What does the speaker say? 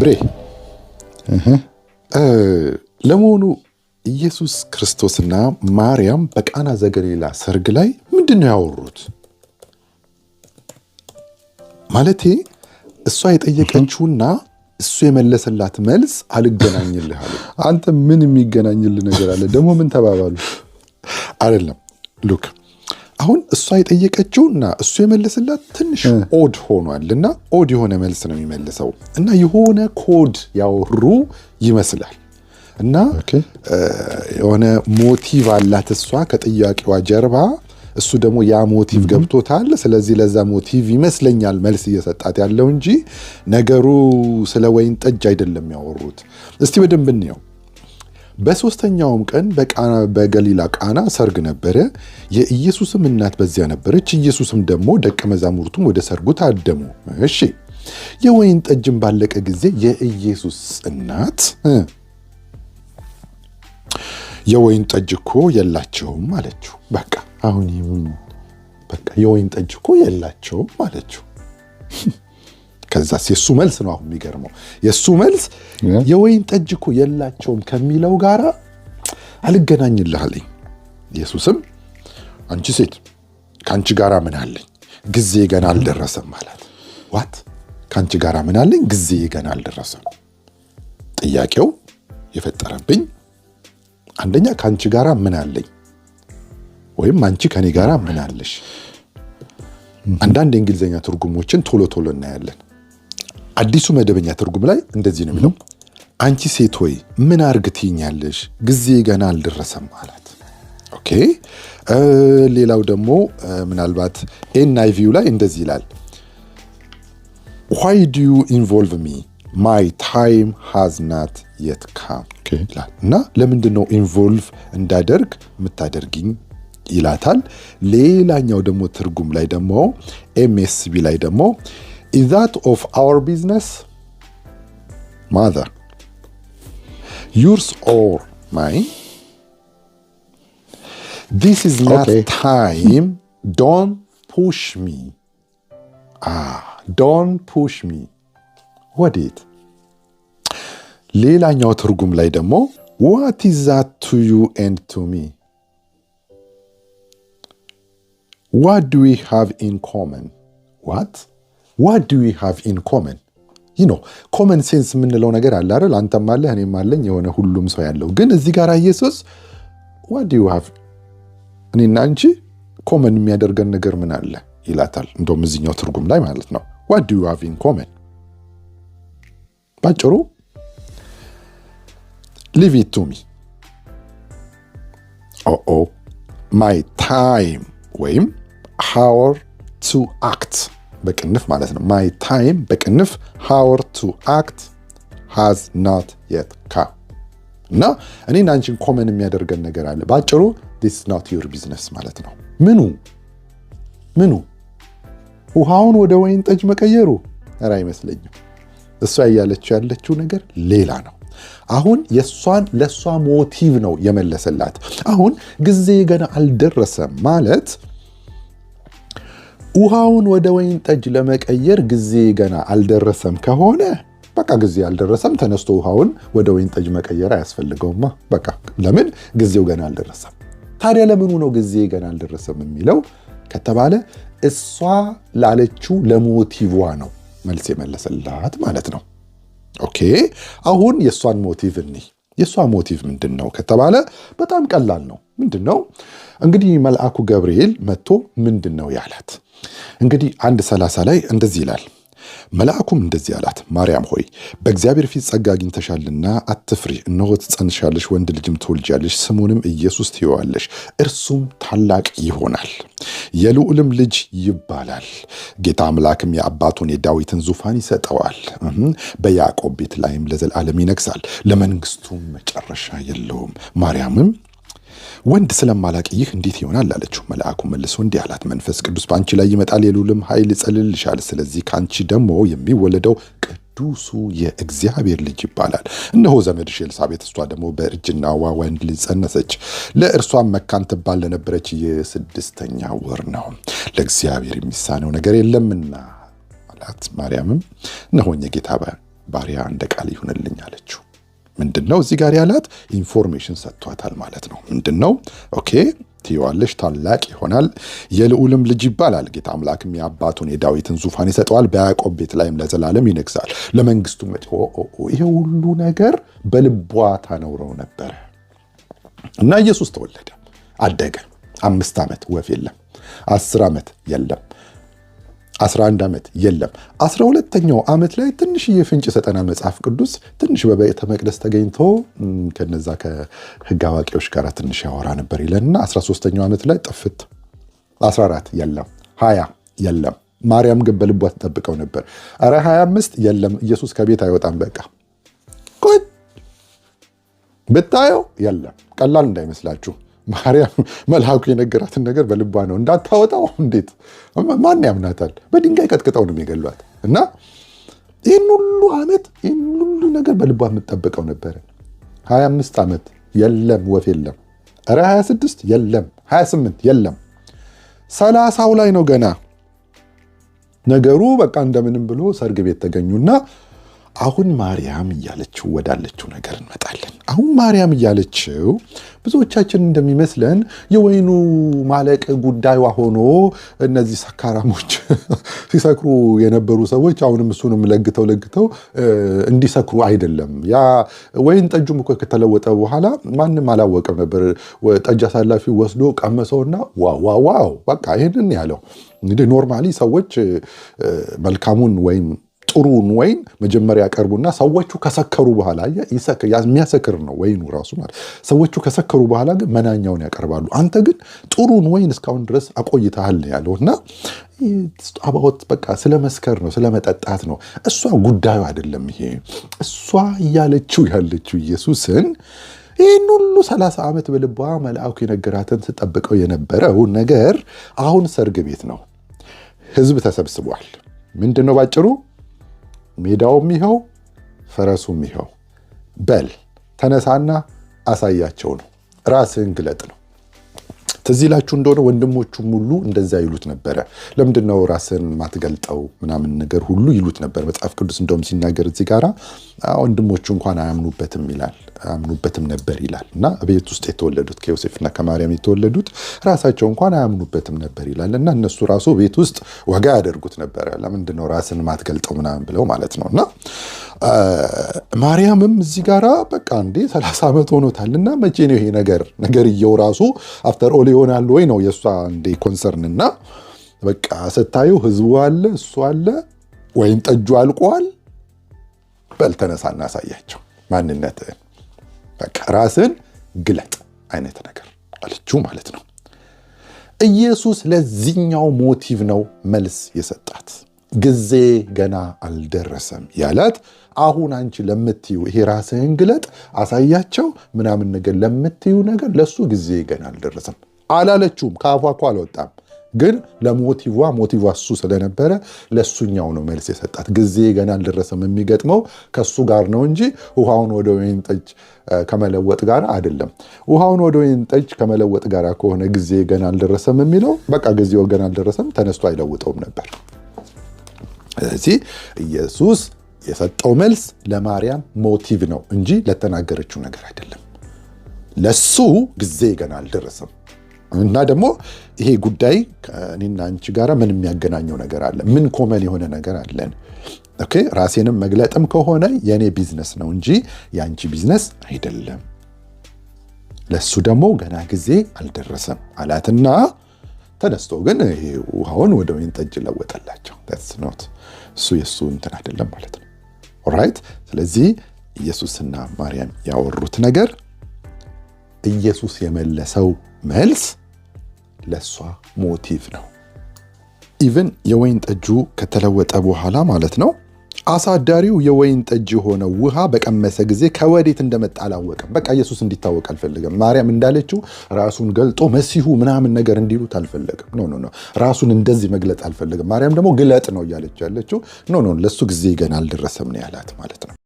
ብሬ ለመሆኑ ኢየሱስ ክርስቶስና ማርያም በቃና ዘገሌላ ሰርግ ላይ ምንድን ነው ያወሩት? ማለቴ እሷ የጠየቀችውና እሱ የመለሰላት መልስ አልገናኝልህ አለ። አንተ ምን የሚገናኝልህ ነገር አለ? ደግሞ ምን ተባባሉ? አይደለም ሉክ አሁን እሷ የጠየቀችው እና እሱ የመለስላት ትንሽ ኦድ ሆኗል እና ኦድ የሆነ መልስ ነው የሚመልሰው እና የሆነ ኮድ ያወሩ ይመስላል እና የሆነ ሞቲቭ አላት እሷ ከጥያቄዋ ጀርባ እሱ ደግሞ ያ ሞቲቭ ገብቶታል። ስለዚህ ለዛ ሞቲቭ ይመስለኛል መልስ እየሰጣት ያለው እንጂ ነገሩ ስለ ወይን ጠጅ አይደለም ያወሩት። እስቲ በደንብ እንየው። በሶስተኛውም ቀን በቃና በገሊላ ቃና ሰርግ ነበረ። የኢየሱስም እናት በዚያ ነበረች። ኢየሱስም ደግሞ ደቀ መዛሙርቱም ወደ ሰርጉ ታደሙ። እሺ፣ የወይን ጠጅም ባለቀ ጊዜ የኢየሱስ እናት የወይን ጠጅ እኮ የላቸውም አለችው። በቃ አሁን በቃ የወይን ጠጅ እኮ የላቸውም አለችው። ከዛስ የእሱ መልስ ነው አሁን የሚገርመው። የእሱ መልስ የወይን ጠጅ እኮ የላቸውም ከሚለው ጋር አልገናኝልህ ኢየሱስም አንቺ ሴት ከአንቺ ጋር ምን አለኝ ጊዜ ገና አልደረሰም አላት። ዋት ከአንቺ ጋር ምን አለኝ ጊዜ ገና አልደረሰም። ጥያቄው የፈጠረብኝ አንደኛ ከአንቺ ጋር ምን አለኝ ወይም አንቺ ከኔ ጋር ምን አለሽ። አንዳንድ የእንግሊዝኛ ትርጉሞችን ቶሎ ቶሎ እናያለን። አዲሱ መደበኛ ትርጉም ላይ እንደዚህ ነው የሚለው፣ አንቺ ሴት ሆይ ምን አርግ ትኛለሽ ጊዜ ገና አልደረሰም አላት። ኦኬ። ሌላው ደግሞ ምናልባት ኤንይቪው ላይ እንደዚህ ይላል፣ ዋይ ዱ ዩ ኢንቮልቭ ሚ ማይ ታይም ሃዝ ናት የት ካም ይላል እና ለምንድን ነው ኢንቮልቭ እንዳደርግ የምታደርግኝ ይላታል። ሌላኛው ደግሞ ትርጉም ላይ ደግሞ ኤምኤስቢ ላይ ደግሞ Is that of our business? Mother. Yours or mine? This is not okay. time. Don't push me. Ah, don't push me. ወዴት? ሌላኛው ትርጉም ላይ ደግሞ ዋት ኢዝ ዛት ቱ ዩ ኤንድ ቱ ሚ ዋት ዱ ዊ ሃቭ ኢን ኮመን ዋት ዋት ዱ ዊ ሃቭ ኢን ኮመን ይህ ነው ኮመን ሴንስ የምንለው ነገር አለ አይደል? አንተም አለህ እኔም አለኝ የሆነ ሁሉም ሰው ያለው። ግን እዚህ ጋር ኢየሱስ ዋት ዱ ዩ ሃቭ እኔና አንቺ ኮመን የሚያደርገን ነገር ምን አለ ይላታል። እንደም እዚኛው ትርጉም ላይ ማለት ነው ዋት ዱ ዩ ሃቭ ኢን ኮመን ባጭሩ ሊቭ ኢት ቱ ሚ ኦኦ ማይ ታይም ወይም ሃወር ቱ አክት በቅንፍ ማለት ነው። ማይ ታይም በቅንፍ ሃወር ቱ አክት ሃዝ ናት የት ካም እና እኔና አንቺን ኮመን የሚያደርገን ነገር አለ። በአጭሩ ዲስ ናት ዩር ቢዝነስ ማለት ነው። ምኑ ምኑ ውሃውን ወደ ወይን ጠጅ መቀየሩ ኧረ አይመስለኝም። እሷ እያለችው ያለችው ነገር ሌላ ነው። አሁን የእሷን ለእሷ ሞቲቭ ነው የመለሰላት። አሁን ጊዜ ገና አልደረሰም ማለት ውሃውን ወደ ወይን ጠጅ ለመቀየር ጊዜ ገና አልደረሰም ከሆነ በቃ ጊዜ አልደረሰም፣ ተነስቶ ውሃውን ወደ ወይን ጠጅ መቀየር አያስፈልገውማ። በቃ ለምን ጊዜው ገና አልደረሰም። ታዲያ ለምኑ ነው ጊዜ ገና አልደረሰም የሚለው ከተባለ እሷ ላለችው ለሞቲቭዋ ነው መልስ የመለሰላት ማለት ነው። ኦኬ አሁን የእሷን ሞቲቭ እኒህ የእሷ ሞቲቭ ምንድን ነው ከተባለ በጣም ቀላል ነው። ምንድን ነው እንግዲህ መልአኩ ገብርኤል መጥቶ ምንድን ነው ያላት እንግዲህ አንድ ሰላሳ ላይ እንደዚህ ይላል መልአኩም እንደዚህ አላት፣ ማርያም ሆይ በእግዚአብሔር ፊት ጸጋ አግኝተሻልና አትፍሪ። እነሆ ትጸንሻለሽ፣ ወንድ ልጅም ትወልጃለሽ፣ ስሙንም ኢየሱስ ትይዋለሽ። እርሱም ታላቅ ይሆናል፣ የልዑልም ልጅ ይባላል። ጌታ አምላክም የአባቱን የዳዊትን ዙፋን ይሰጠዋል፣ በያዕቆብ ቤት ላይም ለዘላለም ይነግሳል፣ ለመንግስቱም መጨረሻ የለውም። ማርያምም ወንድ ስለማላቅ ይህ እንዴት ይሆናል አለችው። መልአኩ መልሶ እንዲህ አላት፣ መንፈስ ቅዱስ በአንቺ ላይ ይመጣል፣ የሉልም ኃይል ይጸልልሻል። ስለዚህ ከአንቺ ደግሞ የሚወለደው ቅዱሱ የእግዚአብሔር ልጅ ይባላል። እነሆ ዘመድሽ ኤልሳቤት፣ እሷ ደግሞ በእርጅናዋ ወንድ ልጅ ጸነሰች፣ ለእርሷም መካን ትባል ለነበረች የስድስተኛ ወር ነው፣ ለእግዚአብሔር የሚሳነው ነገር የለምና አላት። ማርያምም እነሆኝ የጌታ ባሪያ እንደ ቃል ይሁንልኝ አለችው። ምንድን ነው እዚህ ጋር ያላት ኢንፎርሜሽን ሰጥቷታል ማለት ነው። ምንድን ነው ኦኬ ትየዋለሽ ታላቅ ይሆናል፣ የልዑልም ልጅ ይባላል። ጌታ አምላክም የአባቱን የዳዊትን ዙፋን ይሰጠዋል፣ በያዕቆብ ቤት ላይም ለዘላለም ይነግሳል። ለመንግስቱ መጪ ይሄ ሁሉ ነገር በልቧ ታነውረው ነበረ እና ኢየሱስ ተወለደ፣ አደገ። አምስት ዓመት ወፍ የለም፣ አስር ዓመት የለም፣ 11 ዓመት የለም። 12ተኛው ዓመት ላይ ትንሽዬ ፍንጭ ሰጠና መጽሐፍ ቅዱስ ትንሽ በቤተ መቅደስ ተገኝቶ ከነዛ ከህግ አዋቂዎች ጋር ትንሽ ያወራ ነበር ይለንና 13ተኛው ዓመት ላይ ጥፍት 14 የለም፣ 20 የለም። ማርያም ግን በልቧ ትጠብቀው ነበር። ኧረ 25 የለም፣ ኢየሱስ ከቤት አይወጣም። በቃ ብታየው የለም። ቀላል እንዳይመስላችሁ። ማርያም መልአኩ የነገራትን ነገር በልቧ ነው እንዳታወጣው። እንዴት ማን ያምናታል? በድንጋይ ቀጥቅጠው ነው የገሏት። እና ይህን ሁሉ ዓመት ይህን ሁሉ ነገር በልቧ የምጠብቀው ነበረ። 25 ዓመት የለም፣ ወፍ የለም። ኧረ 26 የለም፣ 28 የለም። ሰላሳው ላይ ነው ገና ነገሩ። በቃ እንደምንም ብሎ ሰርግ ቤት ተገኙና አሁን ማርያም እያለችው ወዳለችው ነገር እንመጣለን። አሁን ማርያም እያለችው ብዙዎቻችን እንደሚመስለን የወይኑ ማለቅ ጉዳዩ ሆኖ እነዚህ ሰካራሞች ሲሰክሩ የነበሩ ሰዎች አሁንም እሱንም ለግተው ለግተው እንዲሰክሩ አይደለም። ያ ወይን ጠጁም እኮ ከተለወጠ በኋላ ማንም አላወቀም ነበር። ጠጅ አሳላፊ ወስዶ ቀመሰውና ዋዋዋው በቃ ይህንን ያለው እንግዲህ ኖርማሊ ሰዎች መልካሙን ወይም ጥሩን ወይን መጀመሪያ ያቀርቡና ሰዎቹ ከሰከሩ በኋላ የሚያሰክር ነው ወይኑ ራሱ ማለት። ሰዎቹ ከሰከሩ በኋላ ግን መናኛውን ያቀርባሉ። አንተ ግን ጥሩን ወይን እስካሁን ድረስ አቆይተሃል ያለው እና አባወት በቃ ስለ መስከር ነው፣ ስለ መጠጣት ነው። እሷ ጉዳዩ አይደለም። ይሄ እሷ እያለችው ያለችው ኢየሱስን ይህን ሁሉ ሰላሳ ዓመት በልቧ መልአኩ የነገራትን ስጠብቀው የነበረው ነገር አሁን ሰርግ ቤት ነው። ህዝብ ተሰብስቧል። ምንድን ነው ባጭሩ? ሜዳውም ይኸው ፈረሱም ይኸው። በል ተነሳና አሳያቸው ነው። ራስህን ግለጥ ነው። ትዝ ይላችሁ እንደሆነ ወንድሞቹም ሁሉ እንደዛ ይሉት ነበረ። ለምንድነው ራስን ማትገልጠው ምናምን ነገር ሁሉ ይሉት ነበር። መጽሐፍ ቅዱስ እንደውም ሲናገር እዚህ ጋር ወንድሞቹ እንኳን አያምኑበትም ይላል አያምኑበትም ነበር ይላል እና ቤት ውስጥ የተወለዱት ከዮሴፍና ከማርያም የተወለዱት ራሳቸው እንኳን አያምኑበትም ነበር ይላል እና እነሱ ራሱ ቤት ውስጥ ወጋ ያደርጉት ነበረ። ለምንድነው ራስን ማትገልጠው ምናምን ብለው ማለት ነው እና ማርያምም እዚህ ጋር በቃ እንዴ 30 ዓመት ሆኖታል እና መቼ ነው ይሄ ነገር ነገር እየው ራሱ አፍተር ኦል ይሆናል ወይ ነው የእሷ እንዴ ኮንሰርን እና በቃ ስታዩ ህዝቡ አለ እሱ አለ ወይን ጠጁ አልቋል በል ተነሳ እናሳያቸው ማንነትህን በቃ ራስን ግለጥ አይነት ነገር አለችው ማለት ነው ኢየሱስ ለዚህኛው ሞቲቭ ነው መልስ የሰጣት ጊዜ ገና አልደረሰም ያላት አሁን አንቺ ለምትዩ ይሄ ራስህን ግለጥ አሳያቸው ምናምን ነገር ለምትዩ ነገር ለሱ ጊዜ ገና አልደረሰም አላለችውም። ከአፏ እኮ አልወጣም። ግን ለሞቲቫ ሞቲቫ እሱ ስለነበረ ለሱኛው ነው መልስ የሰጣት። ጊዜ ገና አልደረሰም የሚገጥመው ከሱ ጋር ነው እንጂ ውሃውን ወደ ወይን ጠጅ ከመለወጥ ጋር አይደለም። ውሃውን ወደ ወይን ጠጅ ከመለወጥ ጋር ከሆነ ጊዜ ገና አልደረሰም የሚለው በቃ ጊዜው ገና አልደረሰም፣ ተነስቶ አይለውጠውም ነበር። ስለዚህ ኢየሱስ የሰጠው መልስ ለማርያም ሞቲቭ ነው እንጂ ለተናገረችው ነገር አይደለም። ለሱ ጊዜ ገና አልደረሰም። እና ደግሞ ይሄ ጉዳይ ከእኔና አንቺ ጋር ምን የሚያገናኘው ነገር አለ? ምን ኮመን የሆነ ነገር አለን? ኦኬ ራሴንም መግለጥም ከሆነ የእኔ ቢዝነስ ነው እንጂ የአንቺ ቢዝነስ አይደለም። ለሱ ደግሞ ገና ጊዜ አልደረሰም አላትና ተነስቶ ግን ውሃውን ወደ ወይን ጠጅ ለወጠላቸው። ስኖት እሱ የእሱ እንትን አይደለም ማለት ነው። ኦራይት። ስለዚህ ኢየሱስና ማርያም ያወሩት ነገር ኢየሱስ የመለሰው መልስ ለእሷ ሞቲቭ ነው። ኢቨን የወይን ጠጁ ከተለወጠ በኋላ ማለት ነው አሳዳሪው የወይን ጠጅ የሆነው ውሃ በቀመሰ ጊዜ ከወዴት እንደመጣ አላወቀም። በቃ ኢየሱስ እንዲታወቅ አልፈለገም። ማርያም እንዳለችው ራሱን ገልጦ መሲሁ ምናምን ነገር እንዲሉት አልፈለገም። ኖ ኖ ራሱን እንደዚህ መግለጥ አልፈለገም። ማርያም ደግሞ ግለጥ ነው እያለች ያለችው። ኖ ኖ ለሱ ጊዜ ገና አልደረሰም ነው ያላት ማለት ነው።